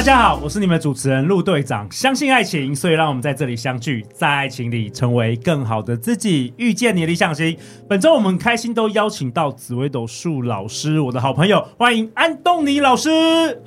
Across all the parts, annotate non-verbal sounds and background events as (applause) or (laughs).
大家好，我是你們主持人陸隊長。相信愛情，所以讓我們在這裡相聚，在愛情裡成為更好的自己，遇見你的理想型。本周我們開心都邀請到紫微斗數老師，我的好朋友，歡迎安東尼老師！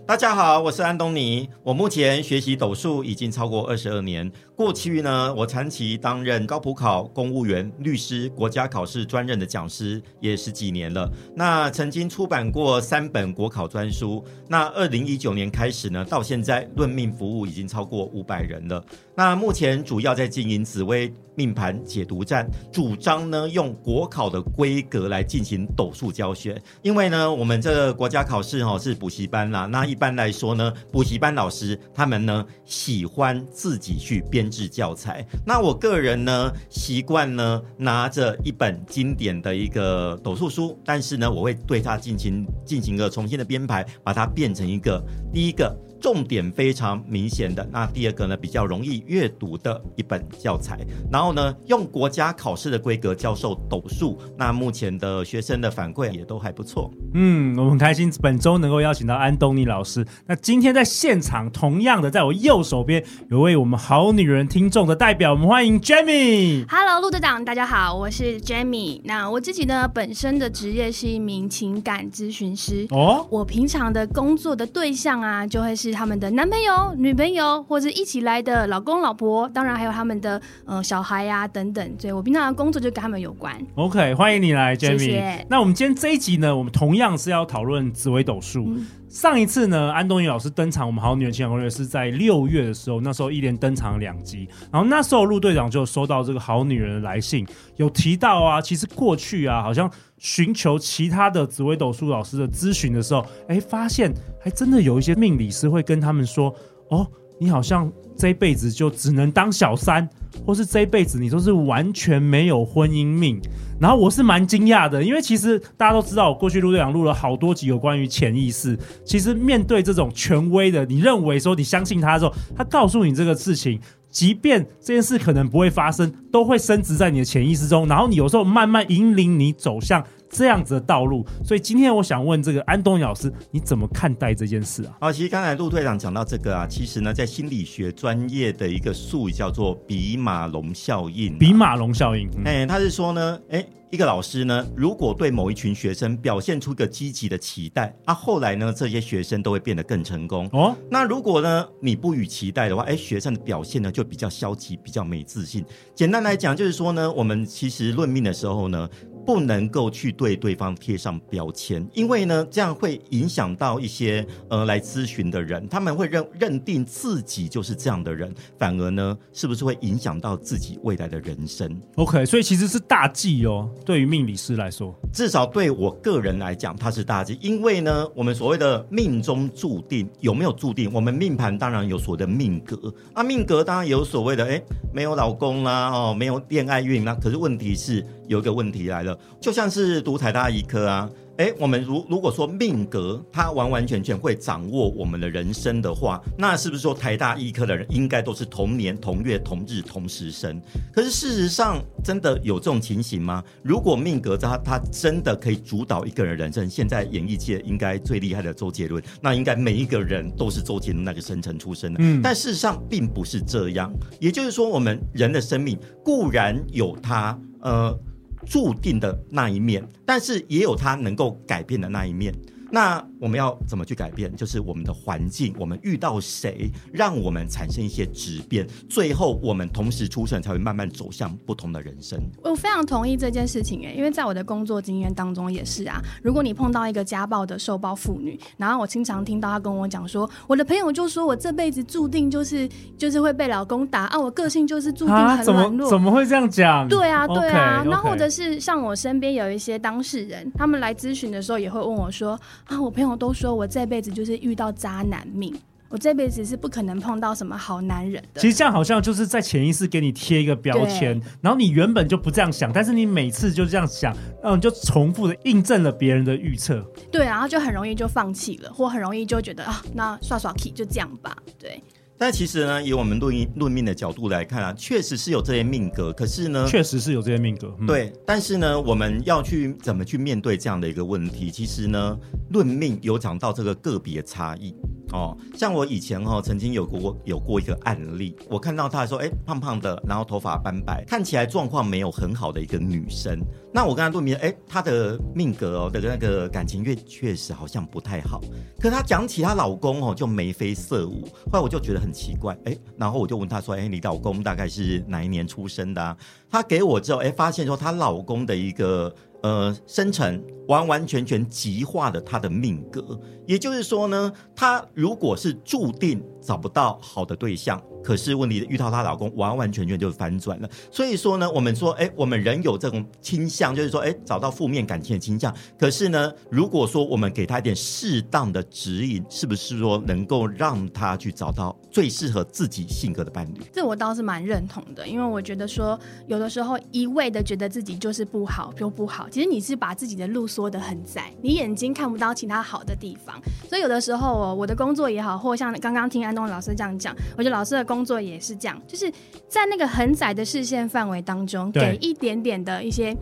大家好，我是安東尼。我目前學習斗數已經超過二十二年。過去呢，我長期擔任高普考、公務員、律師、國家考試專任的講師，也十幾年了。那曾經出版過三本國考專書。那二零一九年開始呢，到現。現在論命服務已經超過五百人了。那目前主要在經營紫微命盤解讀站，主張呢用國考的規格來進行斗數教學。因為呢，我們這個國家考試哦是補習班啦。那一般來說呢，補習班老師他們呢喜歡自己去編製教材。那我個人呢習慣呢拿着一本經典的一個斗數書，但是呢我會對它進行進行個重新的編排，把它變成一個第一個，重點非常明顯的那第二個呢，比較容易閱讀的一本教材，然後呢，用國家考試的規格教授斗數，那目前的學生的反饋也都還不錯。嗯，我很開心本周能夠邀請到安東尼老師。那今天在現場，同樣的在我右手邊有位我們好女人聽眾的代表，我們歡迎 Jamie。Hello，陸隊長，大家好，我是 Jamie。那我自己呢，本身的職業是一名情感諮詢師。哦，oh? 我平常的工作的對象啊，就會是。他們的男朋友、女朋友，或者一起來的老公、老婆，當然還有他們的嗯、呃、小孩呀、啊、等等，所以我平常的工作就跟他們有關。OK，歡迎你來，Jamie。謝謝。那我們今天這一集呢，我們同樣是要討論紫微斗數。嗯、上一次呢，安東尼老師登場，我們好女人情感攻略是在六月的時候，那時候一連登場兩集，然後那時候陸隊長就收到這個好女人的來信，有提到啊，其實過去啊，好像。尋求其他的紫微斗數老師的諮詢的時候，哎、欸，發現還真的有一些命理師會跟他們說，哦，你好像這輩子就只能當小三，或是這輩子你都是完全沒有婚姻命。然後我是蠻驚訝的，因為其實大家都知道，我過去錄這檔錄了好多集有關於潛意識。其實面對這種權威的，你認為說你相信他的時候，他告訴你這個事情。即便這件事可能不會發生，都會深植在你的潛意識中，然後你有時候慢慢引領你走向。這樣子的道路，所以今天我想問這個安東老師，你怎麼看待這件事啊？啊，其實剛才陸隊長講到這個啊，其實呢，在心理學專業的一個術語叫做“比馬龍效應啊”嗯。比馬龍效應，哎，他是說呢，哎、欸，一個老師呢，如果對某一群學生表現出一個積極的期待，啊，後來呢，這些學生都會變得更成功。哦，那如果呢，你不予期待的話，哎、欸，學生的表現呢就比較消極，比較沒自信。簡單來講，就是說呢，我們其實論命的時候呢，不能夠去對對方貼上標籤，因為呢，這樣會影響到一些呃來諮詢的人，他們會認認定自己就是這樣的人，反而呢，是不是會影響到自己未來的人生？OK，所以其實是大忌哦。對於命理師來說，至少對我個人來講，它是大忌，因為呢，我們所謂的命中注定有沒有注定？我們命盤當然有所謂的命格，啊，命格當然有所謂的，誒、欸，沒有老公啦，哦、喔，沒有戀愛運啦。可是問題是。有一個問題來了，就像是讀台大醫科啊，哎，我們如如果說命格它完完全全會掌握我們的人生的話，那是不是說台大醫科的人應該都是同年同月同日同時生？可是事實上，真的有這種情形嗎？如果命格它它真的可以主導一個人的人生，現在演藝界應該最厲害的周杰倫，那應該每一個人都是周杰倫那個生辰出生的。嗯，但事實上並不是這樣。也就是說，我們人的生命固然有它，呃。注定的那一面，但是也有他能夠改變的那一面。那我們要怎麼去改變？就是我們的環境，我們遇到誰，讓我們產生一些質變，最後我們同時出生才會慢慢走向不同的人生。我非常同意這件事情誒、欸，因為在我的工作經驗當中也是啊。如果你碰到一個家暴的受暴婦女，然後我經常聽到她跟我講說，我的朋友就說我這輩子注定就是就是會被老公打啊，我個性就是注定很軟弱。啊？怎麼、怎麼會這樣講？對啊，對啊。Okay, okay. 那或者是像我身邊有一些當事人，他們來諮詢的時候也會問我說。啊！我朋友都說我這輩子就是遇到渣男命，我這輩子是不可能碰到什麼好男人的。其實這樣好像就是在潛意識給你貼一個標籤，對然後你原本就不這樣想，但是你每次就這樣想，嗯，就重複的印證了別人的預測。對，然後就很容易就放棄了，或很容易就覺得啊，那刷刷 K 就這樣吧，對。但其實呢，以我們論論命的角度來看啊，確實是有這些命格，可是呢，確實是有這些命格。嗯、對，但是呢，我們要去怎麼去面對這樣的一個問題？其實呢，論命有講到這個個別差異。哦，像我以前哦，曾經有過有過一個案例，我看到她說，哎、欸，胖胖的，然後頭髮斑白，看起來狀況沒有很好的一個女生。那我跟她論命，哎、欸，她的命格哦的那個感情運確實好像不太好，可她講起她老公哦就眉飛色舞。後來我就覺得很奇怪，哎、欸，然後我就問她說，哎、欸，你老公大概是哪一年出生的啊？她給我之後，哎、欸，發現說她老公的一個呃生辰完完全全極化了他的命格，也就是說呢，他如果是注定找不到好的對象，可是問題遇到她老公，完完全全就反轉了。所以說呢，我們說，哎、欸，我們人有這種傾向，就是說，哎、欸，找到負面感情的傾向。可是呢，如果說我們給他一點適當的指引，是不是說能夠讓他去找到最適合自己性格的伴侶？這我倒是蠻認同的，因為我覺得說，有的時候一味的覺得自己就是不好就不好，其實你是把自己的路。縮的很窄，你眼睛看不到其他好的地方，所以有的時候哦，我的工作也好，或像剛剛聽安東老師這樣講，我覺得老師的工作也是這樣，就是在那個很窄的視線範圍當中，對給一點點的一些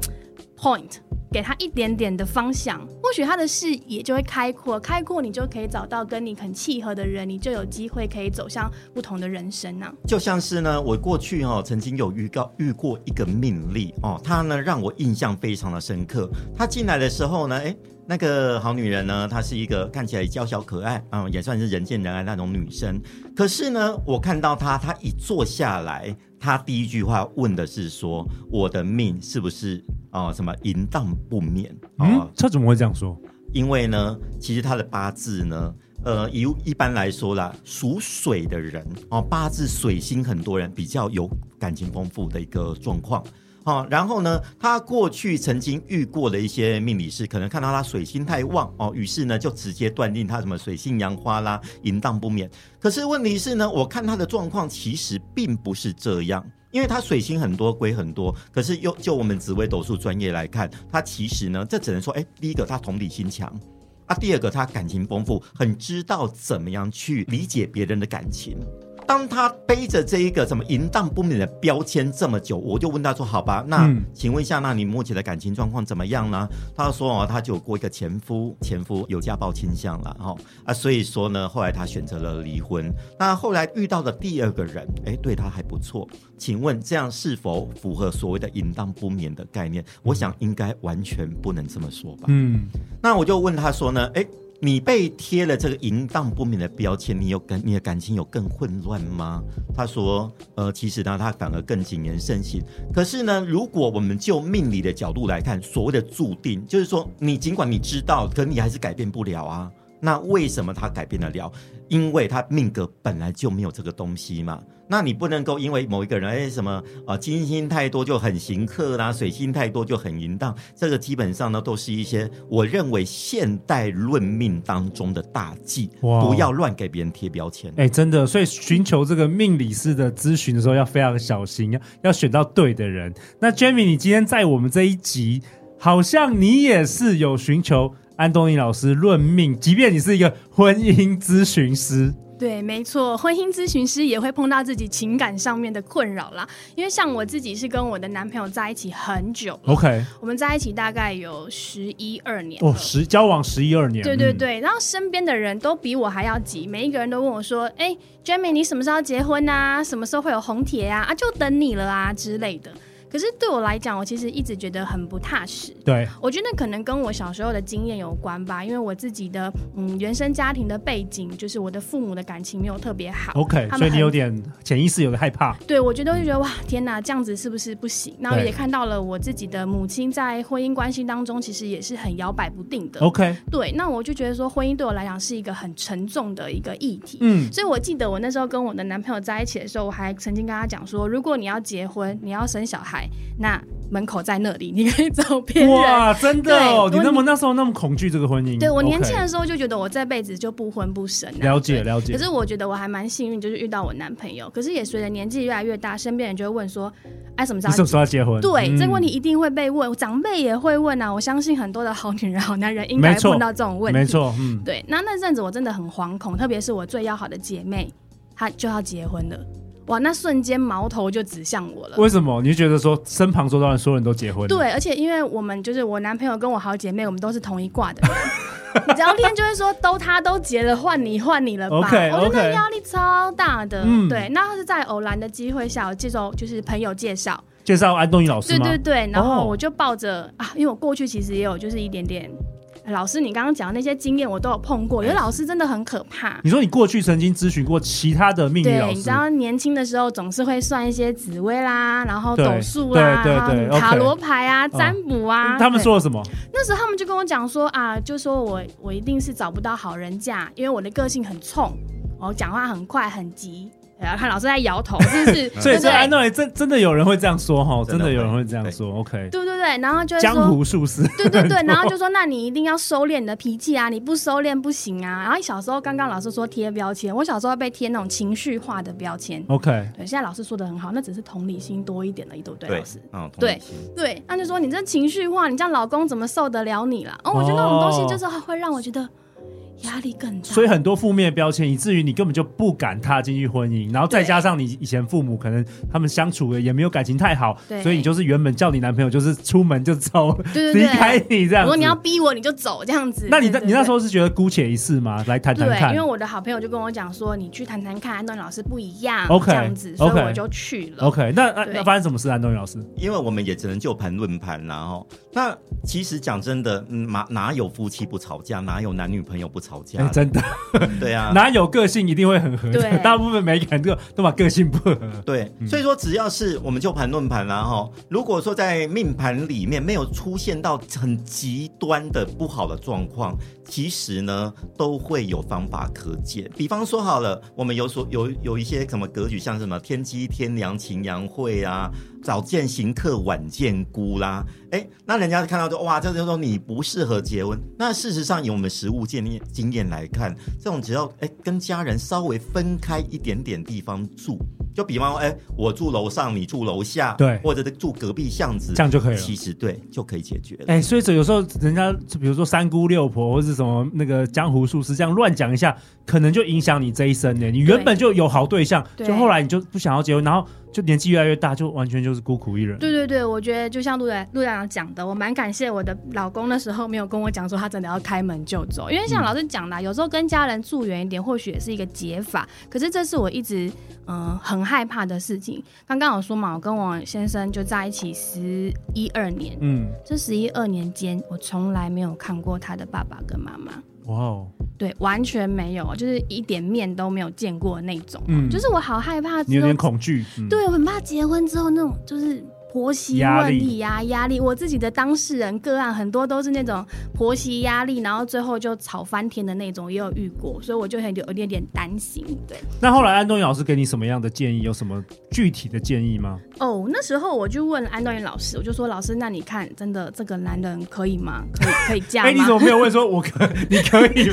point，給他一點點的方向，或許他的視野就會開闊，開闊你就可以找到跟你很契合的人，你就有機會可以走向不同的人生呢、啊。就像是呢，我過去哦曾經有遇到遇過一個命例哦，她呢讓我印象非常的深刻。她進來的時候呢誒，那個好女人呢，她是一個看起來嬌小可愛啊、嗯，也算是人見人愛那種女生。可是呢，我看到她，她一坐下來，她第一句話問的是說：“我的命是不是？”啊、哦，什麼淫蕩不免啊？他、嗯哦、怎麼會這樣說？因為呢，其實他的八字呢，呃，一一般來說啦，屬水的人哦，八字水星很多人比較有感情豐富的一個狀況啊。然後呢，他過去曾經遇過的一些命理師，可能看到他水星太旺哦，於是呢就直接斷定他什麼水性楊花啦，淫蕩不免。可是問題是呢，我看他的狀況其實並不是這樣。因為他水星很多，歸很多，可是又就我們紫微斗數專業來看，他其實呢，這只能說，哎，第一個他同理心強，啊，第二個他感情豐富，很知道怎麼樣去理解別人的感情。當他背着這一個什麼淫蕩不免的標籤這麼久，我就問他說：“好吧，那請問一下，那你目前的感情狀況怎麼樣呢？”嗯、他說：“哦，他就有過一個前夫，前夫有家暴傾向了哦，啊，所以說呢，後來他選擇了離婚。那後來遇到的第二個人，哎、欸，對他還不錯。請問這樣是否符合所謂的淫蕩不免的概念？我想應該完全不能這麼說吧。嗯，那我就問他說呢，哎、欸。”你被貼了這個淫蕩不明的標籤，你有感你的感情有更混亂嗎？他說，呃，其實呢，他反而更謹言慎行。可是呢，如果我們就命理的角度來看，所謂的注定，就是說你儘管你知道，可你還是改變不了啊。那為什麼他改變得了？因為他命格本來就沒有這個東西嘛。那你不能夠因為某一個人，哎、欸、什麼啊，金星太多就很刑克啦，啊，水星太多就很淫蕩。這個基本上呢，都是一些我認為現代論命當中的大忌，哇不要亂給別人貼標籤。哎、欸，真的，所以尋求這個命理師的諮詢的時候要非常小心，要要選到對的人。那 Jamie，你今天在我們這一集，好像你也是有尋求。安東尼老師論命，即便你是一個婚姻諮詢師，對，沒錯，婚姻諮詢師也會碰到自己情感上面的困擾啦。因為像我自己是跟我的男朋友在一起很久了，OK，我們在一起大概有十一二年，哦，十交往十一二年，對對對。嗯、然後身邊的人都比我還要急，每一個人都問我說：“哎、欸，Jamie，你什麼時候結婚啊？什麼時候會有紅帖啊？啊，就等你了啊之類的。”可是對我來講，我其實一直覺得很不踏實。對，我覺得可能跟我小時候的經驗有關吧，因為我自己的嗯原生家庭的背景，就是我的父母的感情沒有特別好。OK，所以你有點潛意識有點害怕。對，我覺得我就覺得哇天哪，這樣子是不是不行？然後也看到了我自己的母親在婚姻關係當中，其實也是很搖擺不定的。OK，對，那我就覺得說婚姻對我來講是一個很沉重的一個議題。嗯，所以我記得我那時候跟我的男朋友在一起的時候，我還曾經跟他講說，如果你要結婚，你要生小孩。那門口在那裡，你可以找別人哇，真的、哦，對你那麼你那時候那麼恐懼這個婚姻？對我年輕的時候就覺得我這輩子就不婚不生。啊。了解了解。對了解，可是我覺得我還蠻幸運，就是遇到我男朋友。可是也隨着年紀越來越大，身邊人就會問說：“哎、啊，什麼時候要結婚？”對，嗯、這個問題一定會被問，我長輩也會問啊。我相信很多的好女人、好男人應該會問到這種問題。沒錯，沒嗯、對。那那陣子我真的很惶恐，特別是我最要好的姐妹，她就要結婚了。哇，那瞬間矛頭就指向我了。為什麼？你就覺得說身旁周遭的所有人都結婚？對，而且因為我們就是我男朋友跟我好姐妹，我們都是同一掛的人，聊天 (laughs) 就會說 (laughs) 都他都結了，換你換你了吧？我覺得壓力超大的。嗯、對，那他是在偶然的機會下，我介紹，就是朋友介紹，介紹安東尼老師。對對對，然後我就抱着、哦、啊，因為我過去其實也有就是一點點。老師，你剛剛講的那些經驗我都有碰過，有老師真的很可怕。欸、你說你過去曾經諮詢過其他的命運老師，對，你知道年輕的時候總是會算一些紫微啦，然後斗數啦，對對對對，塔羅牌啊，OK 占卜啊，嗯、對他們說了什麼？那時候他們就跟我講說啊，就說我我一定是找不到好人家，因為我的個性很衝，我、喔、講話很快很急。也要看老師在搖頭，就是所以說 I know 真真的有人會這樣說哈，真的有人會這樣說。OK，對對對，然後就江湖術士，對對對，然後就說那你一定要收斂你的脾氣啊，你不收斂不行啊。然後小時候剛剛老師說貼標籤，我小時候被貼那種情緒化的標籤。OK，對，現在老師說的很好，那只是同理心多一點而已，對不對老師，對對，那就說你這情緒化，你這樣老公怎麼受得了你啦？哦，我覺得那種東西就是會讓我覺得。壓力更重，所以很多負面的標籤，以至於你根本就不敢踏進去婚姻。然後再加上你以前父母可能他們相處也沒有感情太好，對所以你就是原本叫你男朋友就是出門就走，離開你這樣子。如果你要逼我你就走這樣子。那你那你那時候是覺得姑且一試嗎？來談談看對？因為我的好朋友就跟我講說，你去談談看，安東尼老師不一樣。OK，這樣子，所以我就去了。Okay, okay, 對 OK，那對、啊、那發生什麼事？安東尼老師？因為我們也只能就盤論盤，然後那其實講真的，哪、嗯、哪有夫妻不吵架？哪有男女朋友不吵架？吵架真的，對啊，哪有個性一定會很合？對，大部分每個人都，都把個性不合。對，所以說只要是我們就盤論盤，啊哦，然後如果說在命盤裡面沒有出現到很極端的不好的狀況，其實呢都會有方法可解。比方說好了，我們有所有有一些什麼格局，像什麼天機天梁、擎羊會啊。早見刑剋，晚見孤啦。哎、欸，那人家看到說，哇，這就說你不適合結婚。那事實上，以我們實務經驗來看，這種只要哎、欸，跟家人稍微分開一點點地方住。就比方說，哎、欸，我住樓上，你住樓下，對，或者住隔壁巷子，這樣就可以了。其實，對，就可以解決了。哎、欸，所以有時候人家比如說三姑六婆或者什麼那個江湖術士這樣亂講一下，可能就影響你這一生呢。你原本就有好對象，對，就後來你就不想要結婚，對然後就年紀越來越大，就完全就是孤苦一人。對對對，我覺得就像陸亮陸亮講的，我蠻感謝我的老公那時候沒有跟我講說他真的要開門就走，因為像老師講的、啊，嗯、有時候跟家人住遠一點，或許也是一個解法。可是這是我一直嗯、呃、很。很害怕的事情。剛剛我說嘛，我跟我先生就在一起十一二年，嗯，這十一二年間，我從來沒有看過他的爸爸跟媽媽。哇、哦，對，完全沒有，就是一點面都沒有見過那種。嗯，就是我好害怕，你有點恐懼。嗯、對，我很怕結婚之後那種，就是。婆媳問題啊，壓力，壓力，我自己的當事人個案很多都是那種婆媳壓力，然後最後就吵翻天的那種，也有遇過，所以我就有點有點擔心。對。那後來安東尼老師給你什麼樣的建議？有什麼具體的建議嗎？哦，那時候我就問安東尼老師，我就說：“老師，那你看，真的這個男人可以嗎？可以可以嫁嗎？哎、 (laughs) 欸，你怎麼沒有問說“我可 (laughs) 你可以”？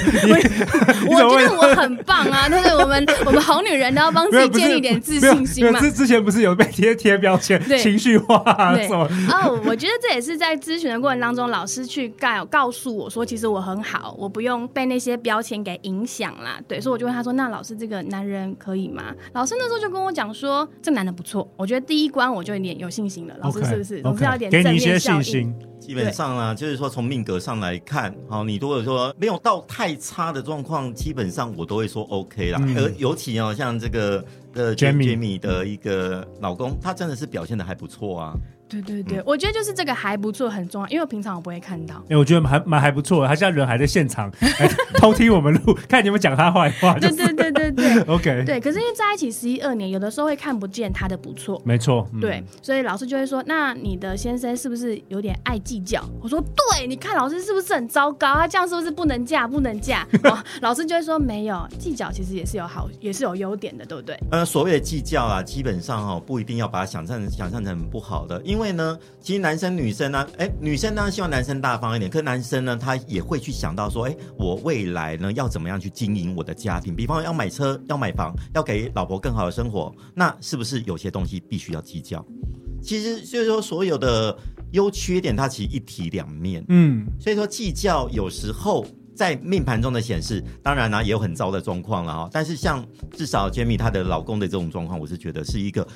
我覺得我很棒啊，就 (laughs) 是我們我們好女人，都要幫自己建立點自信心嘛。是， (laughs) 是之前不是有被貼貼標籤 (laughs) 對，情緒。 (laughs) 對哦，麼 oh, 我覺得這也是在諮詢的過程當中， (laughs) 老師去告告訴我說，其實我很好，我不用被那些標籤給影響啦。對，所以我就問他說：“那老師這個男人可以嗎？”老師那時候就跟我講說：“這男的不錯，我覺得第一關我就有點有信心了。”老師是不是？總是有點正面效應，給你一些信心。基本上啊，對就是說從命格上來看，好、哦，你如果說沒有到太差的狀況，基本上我都會說 OK 啦。嗯、而尤其啊、哦，像這個呃 Jamie、Jamie 的一個老公，他真的是表現得還不錯啊。對對對，嗯、我覺得就是這個還不錯，很重要，因為我平常我不會看到。哎、欸，我覺得還蠻還不錯，他現在人還在現場，還、 (laughs) 欸、偷聽我們錄，看你有沒有講他壞話、就是。對對對對對 (laughs) ，OK。對，可是因為在一起十一二年，有的時候會看不見他的不錯。沒錯。嗯、對，所以老師就會說：“那你的先生是不是有點愛計較？”我說：“對，你看老師是不是很糟糕？他、啊、這樣是不是不能嫁？不能嫁？” (laughs) 哦、老師就會說：“沒有，計較其實也是有好，也是有優點的，對不對？”呃，所謂的計較啊，基本上哦、喔，不一定要把它想象成想象成不好的，因為。因為呢，其實男生女生呢、啊、哎、欸，女生呢、啊、希望男生大方一點，可是男生呢，他也會去想到說，哎、欸，我未來呢要怎麼樣去經營我的家庭？比方要買車、要買房、要給老婆更好的生活，那是不是有些東西必須要計較？其實，所以說所有的優缺點，它其實一體兩面。嗯，所以說計較有時候在命盤中的顯示，當然呢、啊、也有很糟的狀況了哈。但是像至少 j 米她的老公的這種狀況，我是覺得是一個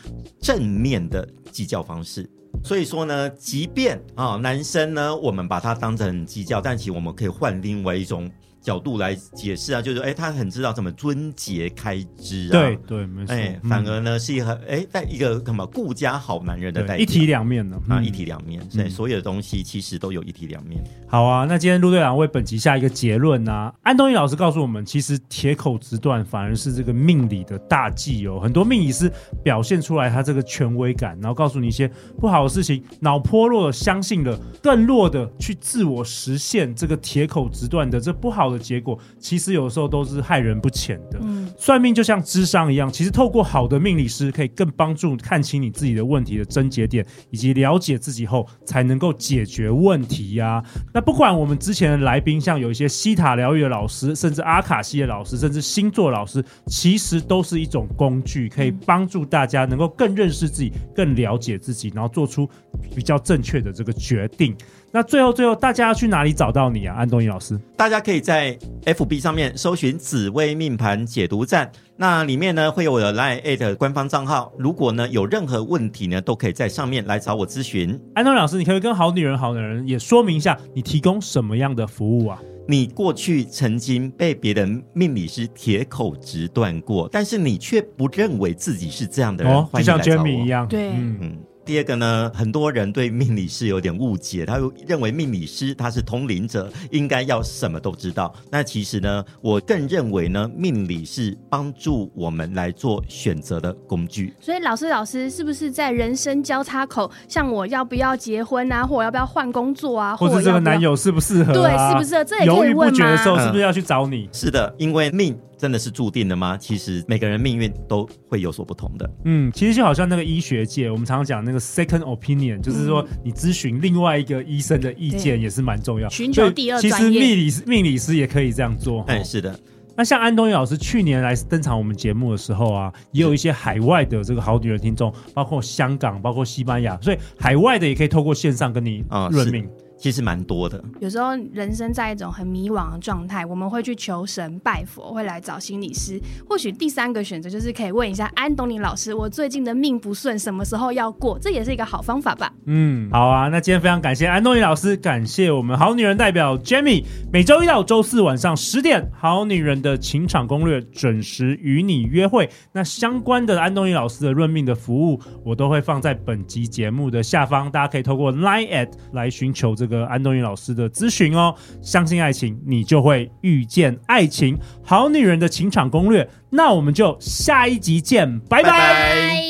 正面的計較方式。所以說呢，即便啊、哦、男生呢，我們把他當成很計較，但其實我們可以換另外一種。角度來解釋啊，就是哎、欸，他很知道怎麼撙節開支啊，對對，沒錯。哎、欸，反而呢、嗯、是一個哎，在、欸、一個什麼顧家好男人的代，一體兩面呢啊，嗯、一體兩面，對，所有的東西其實都有一體兩面。嗯、好啊，那今天陸隊長為本集下一個結論呢、啊？安東尼老師告訴我們，其實鐵口直斷反而是這個命理的大忌哦，很多命理師表現出來他這個權威感，然後告訴你一些不好的事情，腦波弱的相信了，更弱的去自我實現這個鐵口直斷的這不好。的結果其實有時候都是害人不淺的。嗯，算命就像諮商一樣，其實透過好的命理師可以更幫助看清你自己的問題的症結點，以及了解自己後才能夠解決問題呀、啊。那不管我們之前的來賓，像有一些西塔療癒的老師，甚至阿卡西的老師，甚至星座的老師，其實都是一種工具，可以幫助大家能夠更認識自己，更了解自己，然後做出比較正確的這個決定。那最後，最後大家要去哪裡找到你啊，安東尼老師？大家可以在 F B 上面搜尋紫微命盤解讀站，那裡面呢，會有我的 Line@ 官方賬號。如果呢有任何問題呢，都可以在上面來找我諮詢。安東尼老師，你可以跟好女人、好男人也說明一下，你提供什麼樣的服務啊？你過去曾經被別人命理師鐵口直斷過，但是你卻不認為自己是這樣的人。哦、就像 Jamie 一樣，嗯、對，嗯。第二個呢，很多人對命理師有點誤解，他認為命理師他是通靈者，應該要什麼都知道。那其實呢，我更認為呢，命理是幫助我們來做選擇的工具。所以老師，老師是不是在人生交叉口，像我要不要結婚啊，或我要不要換工作啊，或者這個男友適不適合啊？對，是不是合？這猶豫不決的時候，是不是要去找你？嗯，是的，因為命。真的是注定的嗎？其實每個人命運都會有所不同的。嗯，其實就好像那個醫學界，我們常常講那個 second opinion，、嗯、就是說你諮詢另外一個醫生的意見也是蠻重要。尋對對求第二專業。其實命理師、命理師也可以這樣做。哎、欸，是的。那像安東尼老師去年來登場我們節目的時候啊，也有一些海外的這個好女人聽眾，嗯、包括香港，包括西班牙，所以海外的也可以透過線上跟你論命。哦。其實蠻多的。有時候人生在一種很迷惘的狀態，我們會去求神拜佛，會來找心理師。或許第三個選擇就是可以問一下安東尼老師，我最近的命不順，什麼時候要過？這也是一個好方法吧。嗯，好啊。那今天非常感謝安東尼老師，感謝我們好女人代表 Jamie 每周一到周四晚上十點，《好女人的情場攻略》準時與你約會。那相關的安東尼老師的論命的服務，我都會放在本集節目的下方，大家可以透過 Line at 來尋求這個。安東尼老師的諮詢哦，相信愛情，你就會遇見愛情，好女人的情場攻略。那我們就下一集見，拜拜。拜拜。